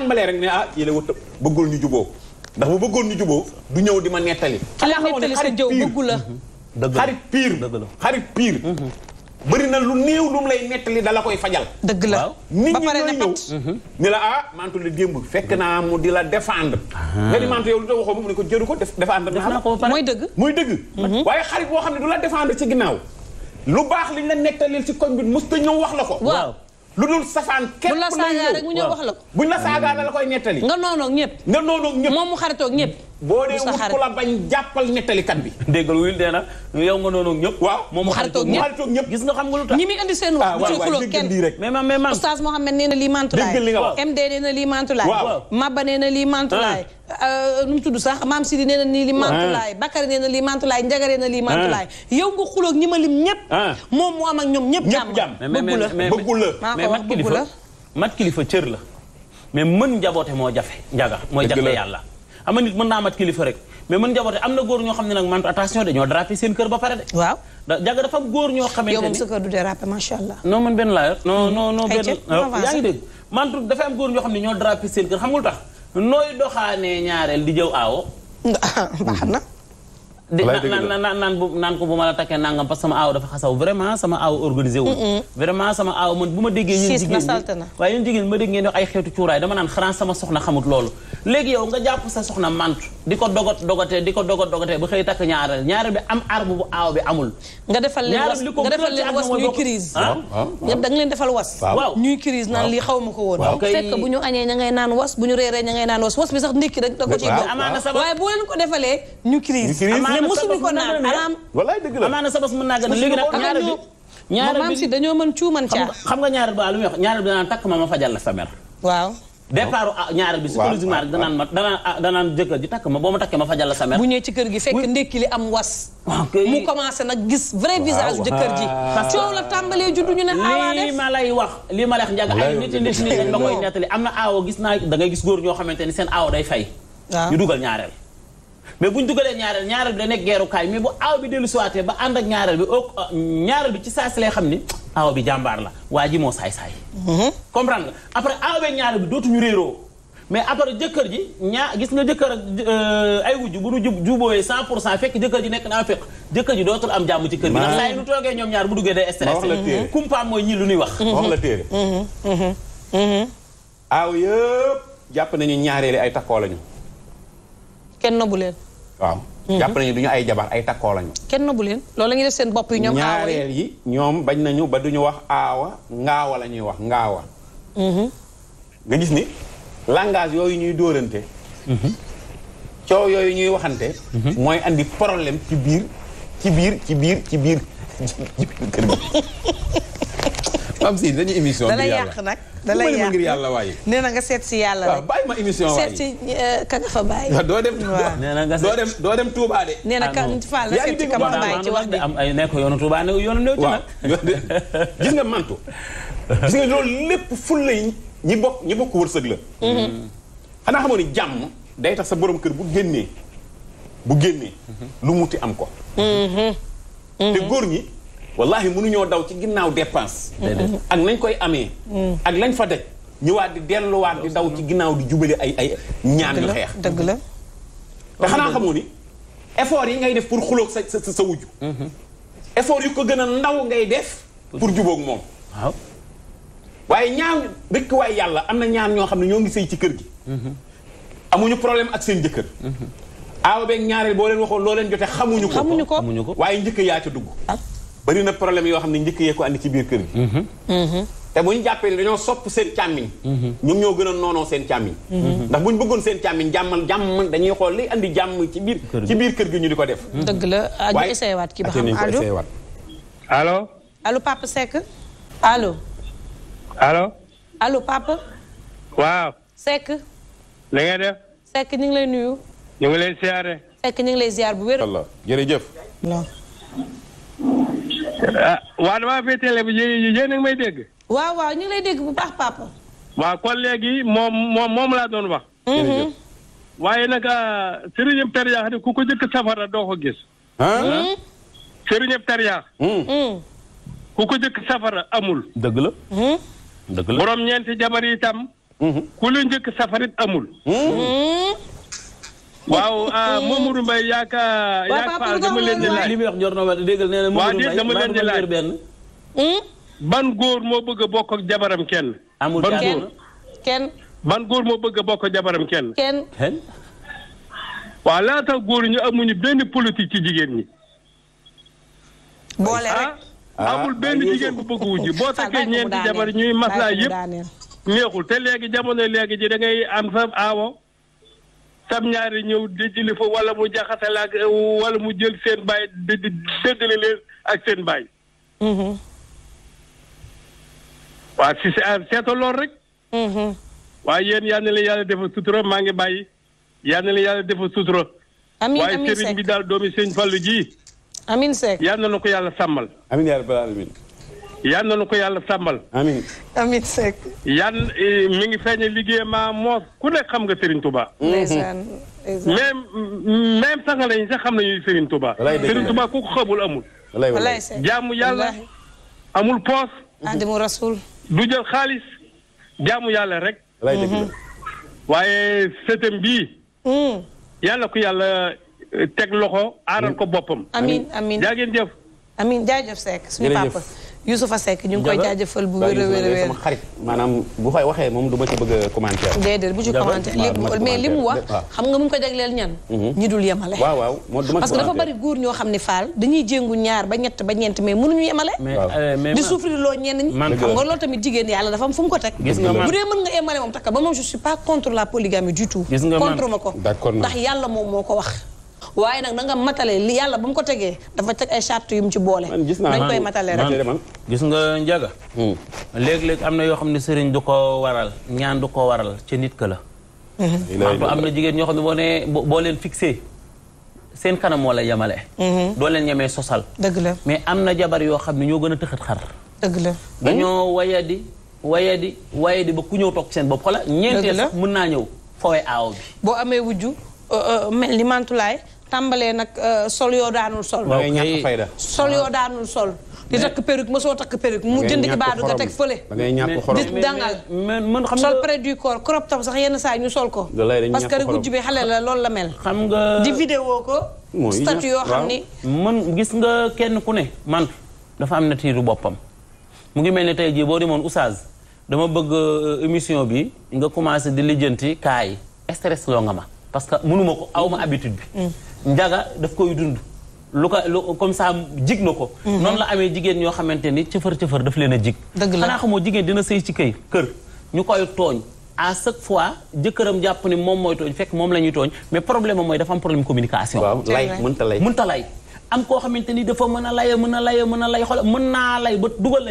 tàmbalee rek ne ah yéen a wut bëggul ñu juboo ndax du di ma nettali. xanaa xamoon ne xarit piir dëgg la xarit piir xarit piir. bëri na lu néew lu mu lay nettali dala koy fajal. la nit ñi ñooy ñëw. Mhm. ni la ah, la démb fekk naa mu di la défendre. Ah. nga ni mantu yow lu tax waxoo mu ne ko jëru ko défendre naa la. mooy dëgg mooy dëgg. Mhm. Mhm. waaye xarit boo xam ne du la défendre ci ginnaaw. lu baax liñ la nettalil ci koñ bi mosut a ñëw wax la ko. waaw lu dul safaan képp la ñëw buñ mu ñëw wax la ko. buñ la saagaa la koy nettali. nga noonoog ñëpp. nga noonoog ñëpp moom mu xaritoog ñëpp. boo dee wut ku la bañ jàppal nettalikat bi. déggal wuyul dee na yow nga noonu ak ñëpp. waaw moom mu xaritoog ñëpp gis nga xam nga lu tax. ñi muy indi seen wax. waaw ah, waay dégg rek mais man mais man. oustaz Mohamed nee na lii mantulaay. lii mantulaay. waaw Maba ah. euh, mu tudd sax maam Sidi nee na nii li ah. mantulaay Bakary nee na lii mantulaay Njagare na lii mantulaay yow nga xuloog ñi ma lim ñëpp moom mu am ak ñoom ñëpp jàmm bëggu la bëggu la mais mat kilifa mat kilifa cër la mais mën njaboote moo jafe njaga mooy jafe yàlla xam nga nit mën naa amat kilifa rek mais mën njaboote am na góor ñoo xam ne nag man attention dañoo dérapé seen kër ba pare de. waaw jaga dafa góor ñoo xamante ni yow moom sa kër du dérapé macha allah. non man benn laa yor. non non benn yaa ngi dégg man tuut dafa am góor ñoo xam ne ñoo dérapé seen kër xamul nga lu tax nooy doxaanee ñaareel di jëw aawo xam na naan naan naan bu naan ko bu ma la takkee nangam parce que sama aaw dafa xasaw vraiment sama aaw organisé wu vraiment sama aaw man bu ma déggee ñun jigéen ñi waaye ñun jigéen ma dégg ngeen ay xeetu cuuraay dama naan xanaa sama soxna xamut loolu léegi yow nga jàpp sa soxna mantu di ko dogot dogotee di ko dogot dogotee ba xëy takk ñaareel ñaareel bi am arme bu aaw bi amul. nga defal leen was nga defal ah? leen defal was. waaw naan lii xaw ma ko woon. fekk bu ñu añee ña ngay naan was bu ñu reeree ña naan was was bi sax ndékki rek da ko ciy. amaana sabas waaye boo leen ko defalee ñu crise. ko naan alaam. naa gën léegi nag ñaareel bi. si dañoo mën cuuman caa. xam nga ñaareel ba lu muy wax ñaareel bi naan takk ma ma fajal la sa mer waaw départu ah, ñaareel bi psychologiquement rek danaan ma danaan ah, danaan jëkkër ji takk ma boo ma takkee ma fajal la sa mère bu ñëwee ci kër gi fekk ndékki li commencé nag gis vrai visage ji coow la tàmbalee juddu ñu ne aawaa ah, def lii ma lay wax lii ma lay wax njàng ay nit nit nit dañ ma koy nettali am na aawo gis naa da ngay gis góor ñoo xamante ni seen aawo day fay ñu dugal ñaareel mais bu ñu dugalee ñaareel ñaareel bi da nekk geerukaay mais bu aaw bi dellu siwaatee ba ànd ak ñaareel bi euh, ñaareel bi ci saa si lay xam ni aaw bi jàmbaar la waa ji moo saay-saay mhm. comprendre nga après aaw beeg ñaar bi dootuñu réeroo mais après jëkkër ji ñaar gis nga jëkkër ak euh, ay wujj bu nu jub jubooyee cent pour cent fekk jëkkër ji nekk naa fekk jëkkër ji dootul am jàmm ci kër gi ndax nu toogee ñoom ñaar bu duggee day stressé mhm. kumpaam ñi lu ñuy wax wax la mhm. aaw yëpp jàpp nañu ñaareeli ay takkoo lañu kenn nobu leen Mm-hmm. jàpp nañu du ñu ay jabar ay takkoo lañu kenn nëbbu leen loolu la def seen bopp yi ñoom ñaareel yi ñoom bañ nañu ba duñu wax aawa ngaawa la ñuy wax ngaawa mm-hmm. nga gis ni langage yooyu ñuy dóorante mm-hmm. coow yooyu ñuy waxante mooy indi problème ci biir ci biir ci biir ci biir kër gi am si dañuy émission ngir yàlla da lay yàq nag. da lay yàq ngir yàlla waaye. nee na nga seet si yàlla rek waaw bàyyi ma émission waaye seet si euh, ka nga fa bàyyi. waaw doo dem nee na nga seet doo dem doo dem Touba de. nee na ka ah, Fall la seet si ka ma bàyyi ci wax bi am ay nekk yoonu Touba ne yoonu néew ci nag. gis nga mantu gis nga loolu lépp ful la ñi bokk ñi bokk wërsëg la. Mm-hmm. xanaa xamoon ni jàmm day tax sa borom kër bu génnee bu génnee lu muti am ko. Mm-hmm. te góor ñi. wallahi mënuñoo daw ci ginnaaw dépense ak nañ koy amee mm. ak lañ fa daj ñëwaat di delluwaat di daw ci ginnaaw di jubale ay ay ñaan yu xeex dëgg la te xanaa xamoo ni effort yi ngay def pour xuloog sa sa sa wujju mm-hmm. effort yu ko gën a ndaw ngay def pour jubóog moom waaw waaye ñaan rek waaye yàlla am na ñaan ñoo xam ne ñoo ngi sëy ci kër gi mm-hmm. amuñu problème ak seen jëkkër mm-hmm. aawa beeg ñaareel boo leen waxoon loo leen jote xamuñu ko xamuñu ko waaye njëkk yaa ca dugg ah. barina problème yoo xam ne njëkk yee ko andi ci biir kër gi. Mhm. Mhm. te bu ñu jàppee ne dañoo sopp seen càmmiñ. Mhm. ñoom ñoo gën a noonoo seen càmmiñ. ndax bu ñu bëggoon seen càmmiñ jàmmal jàmm dañuy xool liy andi jàmm ci biir. ci biir kër gi ñu di ko def. dëgg la ah ñu essayé waat kii ba xam allo allo. allo allo. allo. allo Pape. waaw. Seck. na nga def. Seck ñu ngi lay nuyu. ñu ngi lay ziare. Seck ñu ngi lay ziar bu wér. jërëjëf. Ah, waaw damaa fay télé bi may dégg. waaw waaw ñu ngi lay dégg bu baax papa. waaw kon léegi moom moom moom laa doon wax. Mm-hmm. waaye nag ah, Serigne Père Diakhaté ku ko jëkk safara doo ko gis. Ah? Serigne Père Diakhaté. Mm. Mm. ku ko jëkk safara amul. dëgg la. Mm-hmm. dëgg la borom ñeenti jabar itam. Mm-hmm. ku lu njëkk safarit amul. Mm. waaw ah, Mamadou Mbaye yaak yaak Fall dama leen di li muy wax ñor na wa déggal nee na Mamadou Mbaye dama leen hmm? ban góor moo bëgg a bokk ak jabaram kenn amul ban góor kenn ban góor moo bëgg a bokk jabaram kenn kenn laata laa tax góor ñu amuñu benn politique ci jigéen ñi boole rek ah, amul ah, benn jigéen bu bëgg boo takkee ñeenti jabar ñuy maslaa yëpp neexul te léegi jamono léegi ji dangay ngay am sa aawo tam ñaari ñëw dajale fa wala mu jaxasal ak eh, wala mu jël seen baay di séddale leen ak seen baay. Mm-hmm. waa si ah, seetal lool rek. Mm-hmm. waaye yéen yal na leen yàlla defal sutura maa ngi bàyyi yal na yàlla defal sutura. amiin amiin waaye sëriñ bi daal doomi sëñ Fallu ji. amiin Seck yal na ko yàlla sàmmal. amiin yaa yal na ko yàlla sàmbal. amiin amiin Seck. yan eh, mi ngi feeñe liggéeyam moo ku nekk xam nga Serigne Touba. ndeysaan même même sax xam nañu Serigne Touba. walaay dëgg Serigne Touba ku ko xamul amul. jaamu yàlla amul poos. adimu rasul. du jël xaalis jaamu yàlla rek. walaay dëgg mhm. waaye sëtëm bii. Mm. yàlla ku yàlla eh, teg loxo aaral ko boppam. amiin amiin jaa ngeen jëf. amiin jaajëf Seck suñu papa. Youssoufa Seck ñu ngi koy jaajëfal bu a wér a wér sama bu fay waxee moom du a commentaire déedéet bu ci commentaire mais li mu wax xam nga mu ko jagleel ñan mhm. ñi dul yemale waaw waaw parce que dafa bari góor ñoo xam ne faal dañuy jéngu ñaar ba ñett ba ñeent mais mënuñu yemale euh, di souffrir loo ñenn ñi xam nga loolu tamit jigéen yàlla dafa am ko teg bu dee mën nga yemale moom takka ba moom je pas contre la polygamie du tout contre ma ko ndax yàlla moom moo ko wax waaye nag na nga matale li yàlla ba mu ko tegee dafa teg ay charte yu mu ci boole dañ koy matale rek gis nga njaga hmm. léeg-léeg am na yoo xam ne sëriñ du ko waral ñaan du ko waral ci nit ka la hmm. am na jigéen ñoo xam ne boo nee boo leen fixé seen kanam moo la yemale hmm. doo leen sosal dëgg la mais am na jabar yoo xam ne ñoo gën a tëxat xar dëgg la dañoo wayadi wayadi wayadi ba ku ñëw toog seen bopp xoola ñeenteel sax mën naa ñëw foowe aaw bi boo amee wujju euh, euh, mel ni tàmbalee nag euh, sol yoo daanul sol. sol yoo daanul sol. di takk perruque mosoo takk perruque mu jënd ci baadu nga teg fële. di dangal. man xam nga sol près du corps crop sax yenn saa ñu sol ko. parce que gujj bi xale la loolu la mel. xam nga di vidéo ko. statut yoo xam ni. man gis nga kenn ku ne man dafa am na tiiru boppam mu ngi mel ni tey jii boo demoon oustaz dama bëgg euh, émission bi nga commencé di lijjanti kaay stress loo nga ma. parce que mënuma ko awma habitude bi mm. njaga daf koy dund lu ko lu comme ça jig na ko mm-hmm. noonu la amee jigéen ñoo xamante ni cëfër cëfër daf leen a jig xanaa xamoo jigéen dina sëy ci këy kër ñu koy tooñ à chaque fois jëkkëram jàpp ni moom mooy tooñ fekk moom la ñuy tooñ mais problème moom mooy dafa am problème communication waaw lay mënta lay mënta am koo xamante ni dafa mën a lay mën a lay mën a lay xool mën naa lay ba dugal